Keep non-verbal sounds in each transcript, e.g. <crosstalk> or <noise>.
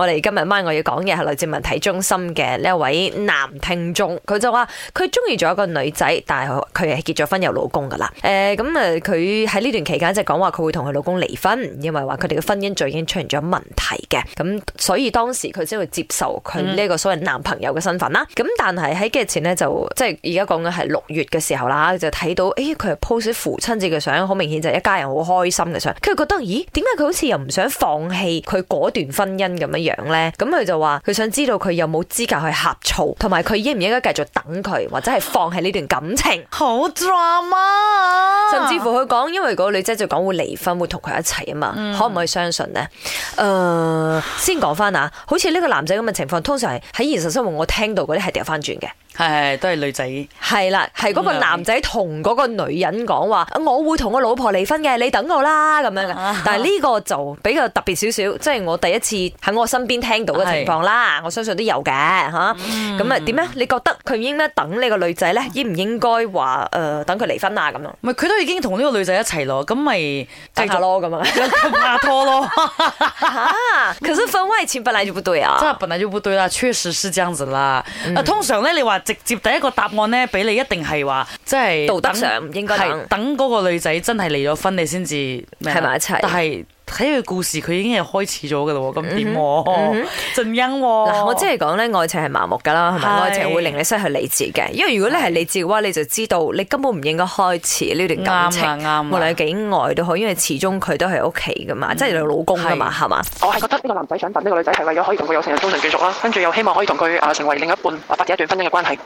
我哋今日晚我要講嘅係來自文體中心嘅呢一位男聽眾，佢就話佢中意咗一個女仔，但係佢係結咗婚有老公噶啦。誒、呃，咁誒，佢喺呢段期間即係講話佢會同佢老公離婚，因為話佢哋嘅婚姻就已經出現咗問題嘅。咁所以當時佢先會接受佢呢個所謂男朋友嘅身份啦。咁、嗯、但係喺幾日前呢，就即係而家講緊係六月嘅時候啦，就睇到誒佢係 post 父親節嘅相，好明顯就一家人好開心嘅相。佢覺得咦，點解佢好似又唔想放棄佢嗰段婚姻咁樣樣？咧，咁佢就話佢想知道佢有冇資格去呷醋，同埋佢應唔應該繼續等佢，或者係放棄呢段感情？好 drama 啊！甚至乎佢講，因為嗰個女仔就講會離婚，會同佢一齊啊嘛，mm. 可唔可以相信呢？誒，uh，先講翻啊，好似呢個男仔咁嘅情況，通常係喺現實生活我聽到嗰啲係掉翻轉嘅。係係，都係女仔。係你啦，係嗰個男仔同嗰個女人講話，我會同我老婆離婚嘅，你等我啦咁樣嘅。但係呢個就比較特別少少，即係我第一次喺我身邊聽到嘅情況啦。你我相信都有嘅吓。咁啊，點咧？你覺得佢應唔應該等呢個女仔呢？應唔應該話誒等佢離婚啊？咁樣咪佢都已經同呢個女仔一齊咯，咁咪繼續咯，咁啊拍拖咯。 <laughs> <laughs> 可是婚外情本來就不對啊，真係本來就不對啦，確實是這樣子啦。嗯、啊，通常咧你話直接第一個答案咧俾你一定係話，即係道德上唔應該等，係等嗰個女仔真係離咗婚，你先至係埋一齊。但係。睇佢故事，佢已經係開始咗噶咯喎，咁點喎？靜音嗱樂、哦啊，我即係講咧，愛情係麻木噶啦，係咪是？愛情會令你失去理智嘅，因為如果你係理智嘅話，你就知道你根本唔應該開始呢段感情。啱啊，啱啊。無論幾愛都好，因為始終佢都係屋企噶嘛，即係你老公噶嘛，係嘛？我係覺得呢個男仔想揾呢個女仔，係為咗可以同佢有情人終成眷屬啦，跟住又希望可以同佢啊成為另一半，或者一段婚姻嘅關係。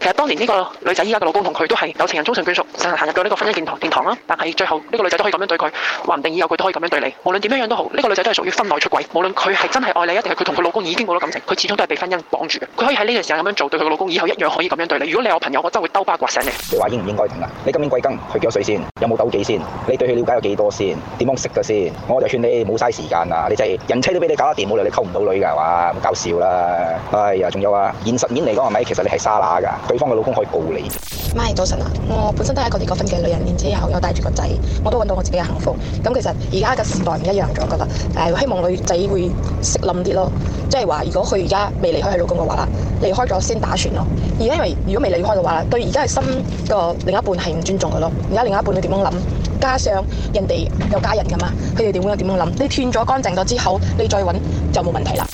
其實當年呢個女仔依家嘅老公同佢都係有情人終成眷屬，行入咗呢個婚姻殿堂殿堂啦。但係最後呢個女仔都可以咁樣對佢，話唔定以後佢都可以咁樣對你。無論點樣樣都好，呢個女仔都係屬於婚內出軌。無論佢係真係愛你，一定係佢同佢老公已經冇咗感情。佢始終都係被婚姻綁住嘅。佢可以喺呢段時間咁樣做，對佢老公以後一樣可以咁樣對你。如果你有朋友，我真係會兜巴刮醒你。你話應唔應該咁啊？你今年貴庚？去幾多歲先？有冇鬥記先？你對佢了解有幾多先？點樣識嘅先？我就勸你冇嘥時間啦。你真係人妻都俾你搞得掂，冇理由你溝唔到女噶，係嘛？搞笑啦！哎呀，仲有啊，現實面嚟講係咪？其實你係沙啞噶，對方嘅老公可以告你。喂，早晨啊，我本身都係一個離過婚嘅女人，然之後又帶住個仔，我都搵到我自己嘅幸福。咁其實而家嘅時代。唔一樣咗噶啦，誒，希望女仔會識諗啲咯，即係話如果佢而家未離開佢老公嘅話啦，離開咗先打算咯。而家因為如果未離開嘅話啦，對而家係新個另一半係唔尊重噶咯。而家另一半你點樣諗？加上人哋有家人噶嘛，佢哋點會點樣諗？你斷咗乾淨咗之後，你再揾就冇問題啦。